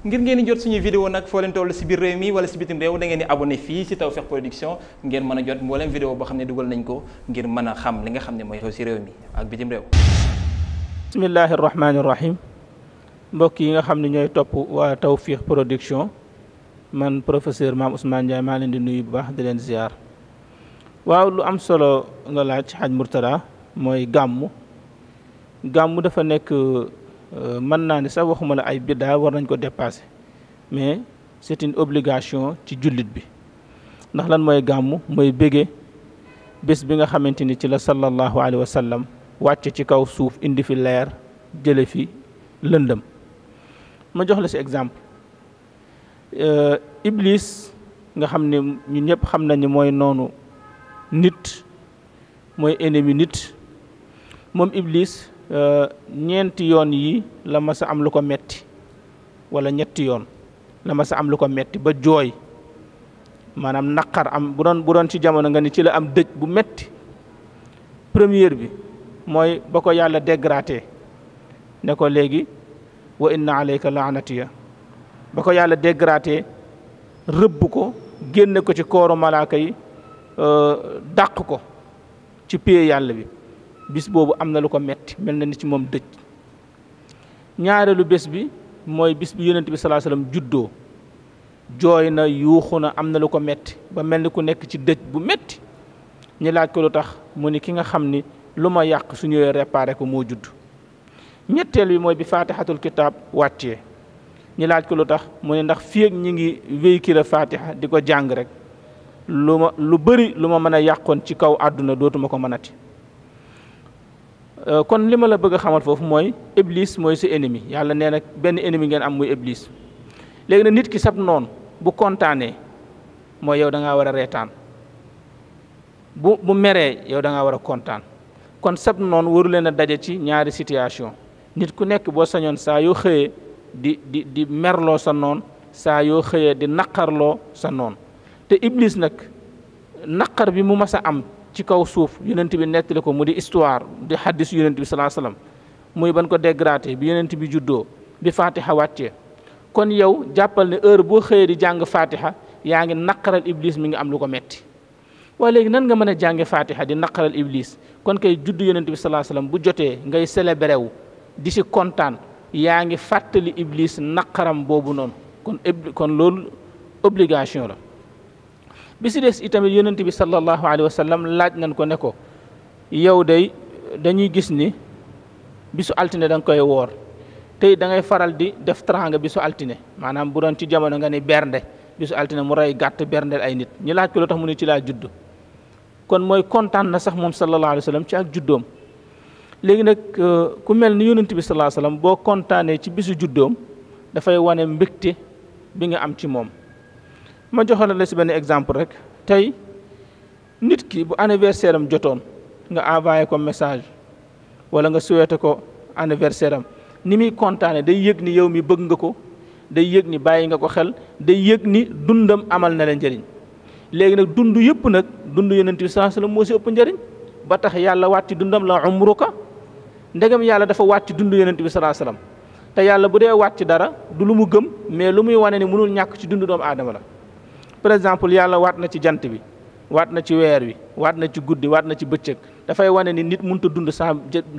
ngir ngeen di jot suñuy vidéo nag foo leen toll si biir réew mi wala si bitim réew da ngeen di abonné fii si Tawfekh Production ngeen mën a jot mbooleem vidéo boo xam ne dugal nañ ko ngir mën a xam li nga xam ne mooy xew si réew mi ak bitim réew bismillahi rahmaani rahim mbokk yi nga xam ne ñooy topp waa Tawfekh Production man professeur Mame Ousmane Ndiaye maa leen di nuyu bu baax di leen ziar waaw lu am solo nga laaj xaj Murtada mooy gàmmu gàmmu dafa nekk Euh, mën naa ni sax waxuma la ay biddaa war nañ ko dépasser mais c'est une obligation ci jullit bi ndax lan mooy gàmm mooy bége bés bi nga xamante ni ci la sallallahu alayhi wa sallam wàcce ci kaw suuf indi fi leer jële fi lëndëm ma jox la si exemple euh, Iblis nga xam ni ñu ñëpp xam nañu mooy noonu nit mooy ennemi nit moom Iblis Euh, ñeenti yoon yi la mas a am lu ko metti wala ñetti yoon la mas a am lu ko metti ba jooy maanaam naqar am bu doon bu doon ci jamono nga ni ci la am dëj bu metti première bi mooy ba ko yàlla dégradé ne ko léegi wa inna alayka laanatiya ba ko yàlla dégradé rëbb ko génne ko ci kooru malaaka yi euh, dàq ko ci pée yàlla bi bis boobu am na lu ko metti mel na ni ci moom dëj ñaareelu bés bi mooy bis bi yonent bi salaa juddoo jooy na yuuxu na am na lu ko metti ba mel ni ku nekk ci dëj bu metti ñu laaj ko lu tax mu ni ki nga xam ni lu ma yàq su ñëwee réparé ko moo judd ñetteel bi mooy bi faatixatul kitaab wàccee ñu laaj ko lu tax mu ne ndax fii ak ñi ngi véhicule faatixa di ko jàng rek lu ma lu bëri lu ma mën a yàqoon ci kaw àdduna dootuma ko mënati Euh, kon li ma la bëgg a xamal foofu mooy iblis mooy sa ennemi yàlla nee na benn ennemi ngeen am muy iblis léegi nag nit ki sab noon bu kontaanee mooy yow da war a reetaan bu bu meree yow da war a kontaan kon sab noonu waru leen a daje ci ñaari situation nit ku nekk boo sañoon saa yoo xëyee di di di merloo sa noon saa yoo xëyee di naqarloo sa noon te iblis nag naqar bi mu mas a am ci kaw suuf yonent bi nettali ko mu di histoire di xaddis yonent bi salaa salaam muy ban ko dégradé bi yonent bi juddoo bi fatiha wàccee kon yow jàppal ne heure boo xëyee di jàng fatiha yaa ngi naqaral iblis mi ngi am lu ko metti waaye léegi nan nga mën a jànge fatiha di naqaral iblis kon kay juddu yonent bi salaa salaam bu jotee ngay célébré wu di si kontaan yaa ngi fàttali iblis naqaram boobu noonu kon kon loolu obligation la bi si des itamit yonent bi sallallahu alayhi wa sallam laaj nañ ko ne ko yow day dañuy gis ni bi su altine da nga koy woor tey dangay faral di def bi su altine maanaam bu doon ci jamono nga ni bernde bi su altine mu rey gàtt berndeel ay nit ñi laaj ko loo tax mu ne ci laa judd kon mooy kontaan na sax moom sallallahu alayhi wa ci ak juddoom léegi nag euh, ku mel ni yonent bi sallallahu alayhi wa boo kontaanee ci bisu juddoom dafay wane mbégte bi nga am ci moom ma joxoon la si benn exemple rek tey nit ki bu anniversaire am jotoon nga envoyé ko message wala nga souhaité ko anniversaire am ni muy kontaane day yëg ni yow mi bëgg nga ko day yëg ni bàyyi nga ko xel day yëg ni dundam amal na la njëriñ léegi nag dund yëpp nag dund yonent bi saa sallam moo si ëpp njëriñ ba tax yàlla wàtti dundam la umruka ndegam yàlla dafa wàtti dund yonent bi saa te yàlla bu dee wàtti dara du lu mu gëm mais lu muy wane ni mënul ñàkk ci dund doomu aadama la par exemple yàlla waat na ci jant bi waat na ci weer wi waat na ci guddi waat na ci bëccëg dafay wane ni nit mënut a dund sans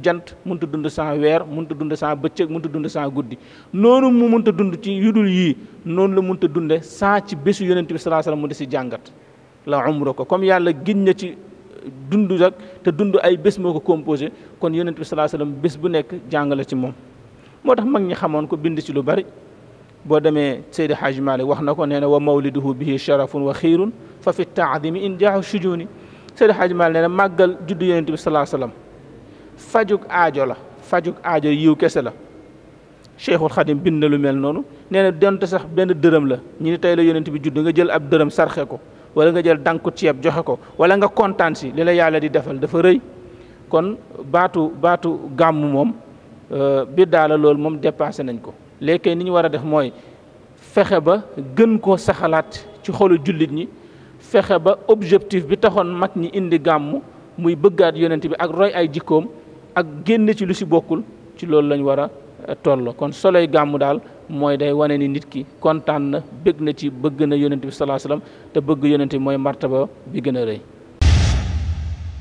jant munut a dund sans weer mënut a dund saa bëccëg mënut a dund saa guddi noonu mu mënut a dund ci yudul yii noonu la munut a dunde saa ci bésu yonent bi sallallahu alayhi mu di si jàngat la umra ko comme yàlla giñ na ci dund rek te dund ay bés moo ko composé kon yonent bi sallallahu alayhi bés bu nekk jàng la ci moom moo tax mag ñi xamoon ko bind ci lu bari boo demee Seydi Hajj wax na ko nee na wa mawliduhu bihi sharafun wa xiirun fa fi taadimi in jaaxu sujuni Seydi Hajj Malik nee na màggal judd yonent bi salaa salaam fajug aajo la fajug aajo yiw kese la Cheikhul Xadim bind na lu mel noonu nee na sax benn dërëm la ñu ne tey la yonent bi judd nga jël ab dërëm sarxe ko wala nga jël dànku ceeb joxe ko wala nga kontaan si li la yàlla di defal dafa rëy kon baatu baatu gàmm moom euh, biddaa la loolu moom dépassé nañ ko léegi kay ni ñu war a def mooy fexe ba gën koo saxalaat ci xolu jullit ñi fexe ba objectif bi taxoon mag ñi indi gàmmu muy bëggaat yonent bi ak roy ay jikkoom ak génne ci lu si bokkul ci loolu lañ war a eh, tolloo kon soloy gàmmu daal mooy day wane ni nit ki kontaan na bëgg na ci bëgg na yonent bi salaa te bëgg yonent bi mooy martaba bi gën a rëy